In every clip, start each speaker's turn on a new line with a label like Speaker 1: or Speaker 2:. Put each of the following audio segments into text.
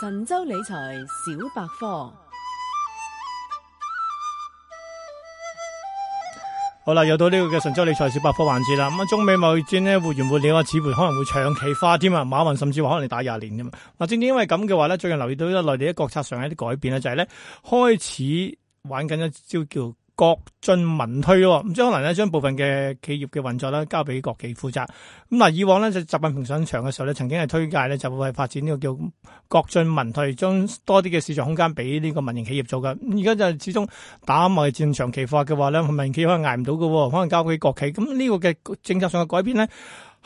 Speaker 1: 神州理財小百
Speaker 2: 科，好啦，又到呢、這個嘅神州理財小百科環節啦。咁啊，中美貿易戰咧活完活了啊，似乎可能會長期化添啊。馬雲甚至話可能你打廿年噶嘛。嗱，正正因為咁嘅話咧，最近留意到呢咧內地嘅國策上有一啲改變啦，就係咧開始玩緊一招叫國進民退咯，咁即可能咧將部分嘅企業嘅運作咧交俾國企負責，咁嗱以往咧就習近平上場嘅時候咧，曾經係推介咧就係發展呢個叫國退民進，將多啲嘅市場空間俾呢個民營企業做嘅，而家就始終打貿易戰長期化嘅話咧，民營企業可能捱唔到嘅，可能交俾國企，咁、這、呢個嘅政策上嘅改變咧。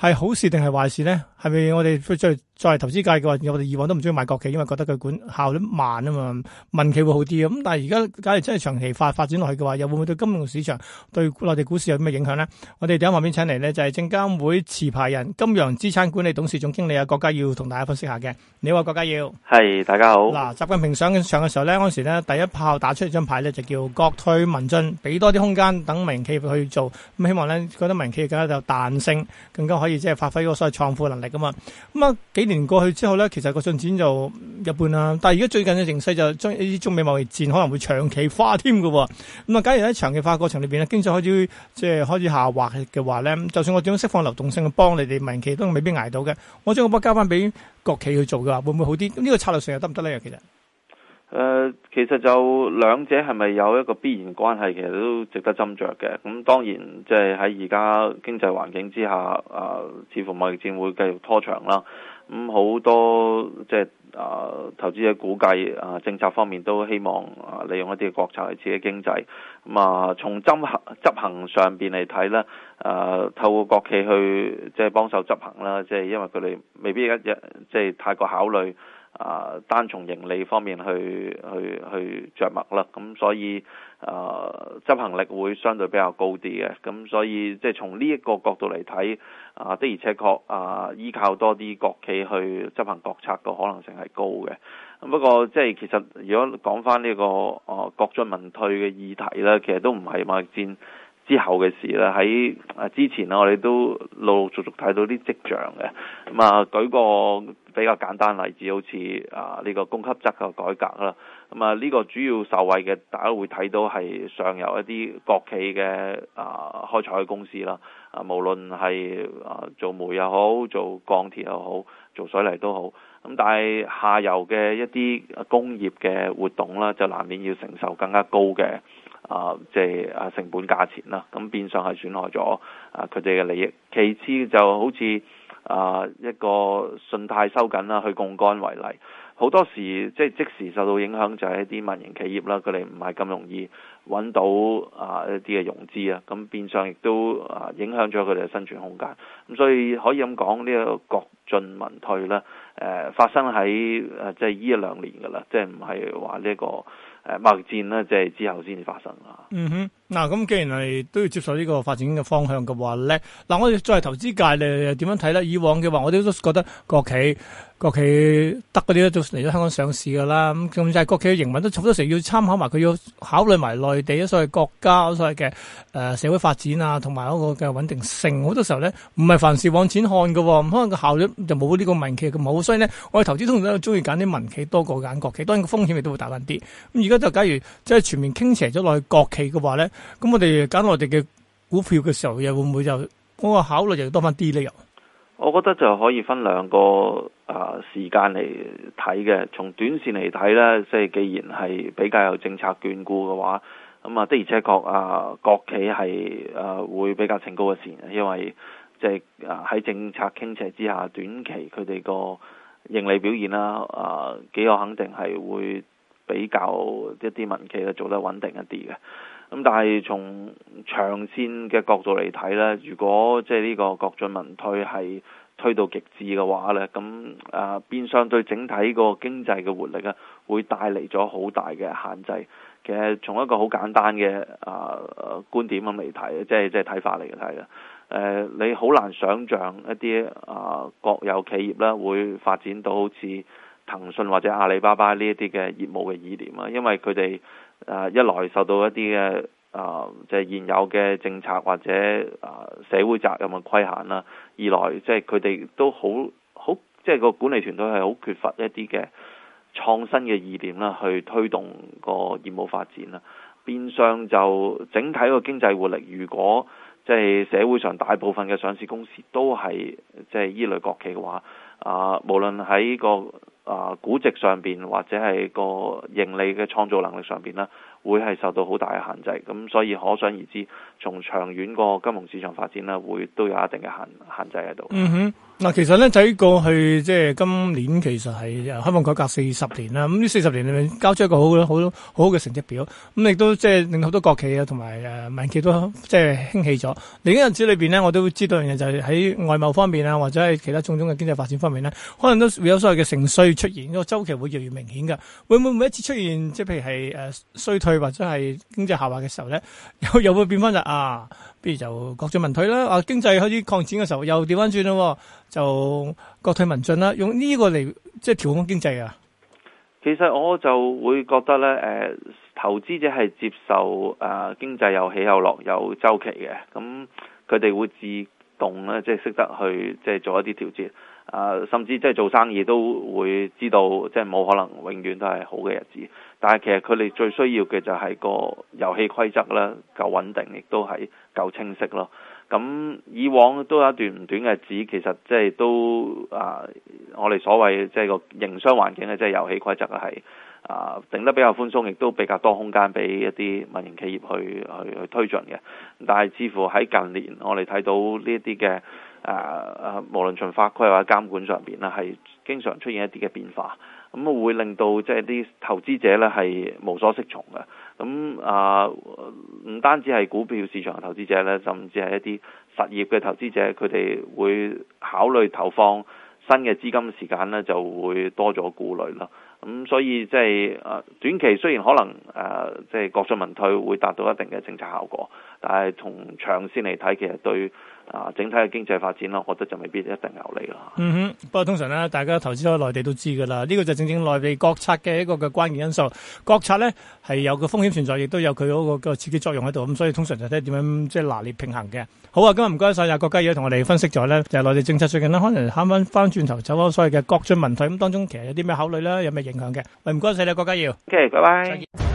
Speaker 2: 係好事定係壞事咧？係咪我哋再再投資界嘅話，我哋以往都唔中意買國企，因為覺得佢管效率慢啊嘛，民企會好啲咁但係而家假如真係長期發發展落去嘅話，又會唔會對金融市場、對內地股市有啲咩影響咧？我哋喺旁面請嚟咧，就係證監會持牌人、金洋資產管理董事總經理啊，郭家耀同大家分析下嘅。你話郭家耀，
Speaker 1: 係，大家好。嗱、
Speaker 2: 啊，習近平上嘅時候咧，嗰時咧第一炮打出嚟張牌咧，就叫國退民進，俾多啲空間等民企去做。咁、嗯、希望咧，覺得民企而家就彈性更加可以。即係發揮嗰個所謂創富能力噶嘛，咁、嗯、啊幾年過去之後咧，其實個進展就一般啦。但係如果最近嘅形勢就將呢啲中美貿易戰可能會長期化添噶。咁、嗯、啊，假如喺長期化過程裏邊咧，經濟開始即係開始下滑嘅話咧，就算我點樣釋放流動性去幫你哋民企，都未必捱到嘅。我將個波交翻俾國企去做嘅話，會唔會好啲？咁、嗯、呢、呢個策略上又得唔得咧？其實？
Speaker 1: 誒，其實就兩者係咪有一個必然關係，其實都值得斟酌嘅。咁當然，即係喺而家經濟環境之下，啊，似乎貿易戰會繼續拖長啦。咁好多即係、就是、啊，投資者估計啊，政策方面都希望啊，利用一啲國策嚟刺激經濟。咁啊，從執行執行上邊嚟睇咧，啊，透過國企去即係、就是、幫手執行啦，即、就、係、是、因為佢哋未必一日即係太過考慮。啊、呃，單從盈利方面去去去著墨啦，咁所以啊、呃、執行力會相對比較高啲嘅，咁所以即係從呢一個角度嚟睇，啊、呃、的而且確啊、呃、依靠多啲國企去執行國策個可能性係高嘅，咁不過即係、就是、其實如果講翻呢個啊、呃、國進民退嘅議題咧，其實都唔係貿易戰之後嘅事啦，喺啊之前啊我哋都陸陸續續睇到啲跡象嘅，咁啊舉個比較簡單例子，好似啊呢、這個供給側嘅改革啦，咁啊呢、這個主要受惠嘅，大家會睇到係上游一啲國企嘅啊開採公司啦，啊無論係啊做煤又好，做鋼鐵又好，做水泥都好，咁、啊、但係下游嘅一啲工業嘅活動啦、啊，就難免要承受更加高嘅啊即係啊成本價錢啦，咁、啊、變相係損害咗啊佢哋嘅利益。其次就好似。啊，一個信貸收緊啦，去槓桿為例，好多時即係即時受到影響就係、是、一啲民營企業啦，佢哋唔係咁容易揾到啊一啲嘅融資啊，咁變相亦都啊影響咗佢哋嘅生存空間，咁、啊、所以可以咁講呢個國進民退啦，誒、啊、發生喺誒、啊、即係依一兩年噶啦，即係唔係話呢個誒貿易戰啦，即係之後先至發生啊。嗯哼。
Speaker 2: 嗱，咁、啊、既然係都要接受呢個發展嘅方向嘅話咧，嗱、啊、我哋作為投資界，你點樣睇咧？以往嘅話，我哋都覺得國企、國企得嗰啲咧，都嚟咗香港上市噶啦。咁仲就係國企嘅營運都好多時要參考埋佢，要考慮埋內地啊，所謂國家啊，所謂嘅誒社會發展啊，同埋嗰個嘅穩定性。好多時候咧，唔係凡事往錢看嘅、哦，唔可能個效率就冇呢個民企咁好。所以呢，我哋投資通常都中意揀啲民企多過揀國企。當然個風險亦都會大返啲。咁而家就假如即係全面傾斜咗落去國企嘅話咧。咁我哋揀我哋嘅股票嘅時候，又會唔會就嗰個考慮又多翻啲咧？又，
Speaker 1: 我覺得就可以分兩個啊、呃、時間嚟睇嘅。從短線嚟睇呢，即係既然係比較有政策眷顧嘅話，咁、嗯、啊的而且確啊國企係誒、呃、會比較成高嘅線，因為即係喺政策傾斜之下，短期佢哋個盈利表現啦，啊、呃、幾個肯定係會比較一啲民企嘅做得穩定一啲嘅。咁但係從長線嘅角度嚟睇咧，如果即係呢個國進民退係推到極致嘅話咧，咁啊變相對整體個經濟嘅活力啊，會帶嚟咗好大嘅限制。其實從一個好簡單嘅啊觀點咁嚟睇，即係即係睇法嚟嘅睇啦。誒，你好難想像一啲啊國有企業咧會發展到好似騰訊或者阿里巴巴呢一啲嘅業務嘅意念啊，因為佢哋。誒一來受到一啲嘅啊，即、呃、係、就是、現有嘅政策或者啊、呃、社會責任嘅規限啦；二來即係佢哋都好好，即係、就是、個管理團隊係好缺乏一啲嘅創新嘅意念啦，去推動個業務發展啦。變相就整體個經濟活力，如果即係社會上大部分嘅上市公司都係即係依類國企嘅話，啊、呃，無論喺個。啊、呃，估值上邊或者係個盈利嘅創造能力上邊啦，會係受到好大嘅限制。咁所以可想而知，從長遠個金融市場發展啦，會都有一定嘅限限制喺度。嗯
Speaker 2: 哼。嗱，其實咧喺過去即係、就是、今年，其實係開放改革四十年啦。咁呢四十年裏面交出一個好嘅、好好嘅成績表。咁、嗯、亦都即係、就是、令好多國企啊同埋誒民企都即係、就是、興起咗。另一陣子裏邊咧，我都知道樣嘢就係喺外貿方面啊，或者係其他種種嘅經濟發展方面咧，可能都會有所謂嘅盛衰出現。嗰個週期會越嚟越明顯嘅。會唔會每一次出現即係、就是、譬如係誒、呃、衰退或者係經濟下滑嘅時候咧，又又會變翻就啊？不如就國進民退啦，啊經濟開始擴展嘅時候，又調翻轉咯，就國退民進啦，用呢個嚟即係調控經濟啊。
Speaker 1: 其實我就會覺得咧，誒投資者係接受啊經濟有起有落有週期嘅，咁佢哋會自動咧即係識得去即係做一啲調節。啊、呃，甚至即係做生意都會知道，即係冇可能永遠都係好嘅日子。但係其實佢哋最需要嘅就係個遊戲規則啦，夠穩定，亦都係夠清晰咯。咁以往都有一段唔短嘅日子，其實即係都啊、呃，我哋所謂即係個營商環境咧，即係遊戲規則啊，係啊定得比較寬鬆，亦都比較多空間俾一啲民營企業去去去推進嘅。但係似乎喺近年我，我哋睇到呢一啲嘅。誒誒、呃，無論從法規或者監管上邊啦，係經常出現一啲嘅變化，咁會令到即係啲投資者咧係無所適從嘅。咁、嗯、啊，唔、呃、單止係股票市場嘅投資者咧，甚至係一啲實業嘅投資者，佢哋會考慮投放新嘅資金時間咧，就會多咗顧慮咯。咁、嗯、所以即係短期雖然可能誒、呃、即係國進民退會達到一定嘅政策效果，但係從長線嚟睇，其實對。啊，整體嘅經濟發展咯，我覺得就未必一定有利
Speaker 2: 咯。嗯哼，不過通常咧，大家投資喺內地都知噶啦，呢、這個就正正內地國策嘅一個嘅關鍵因素。國策咧係有個風險存在，亦都有佢嗰個刺激作用喺度。咁所以通常就睇點樣、嗯、即係拿捏平衡嘅。好啊，今日唔該晒啊，郭家耀同我哋分析咗咧，就係、是、內地政策最近呢，可能慳翻翻轉頭走咗，所謂嘅國進民退咁當中其實有啲咩考慮啦，有咩影響嘅？唔該晒你，郭家耀。拜拜、okay, bye。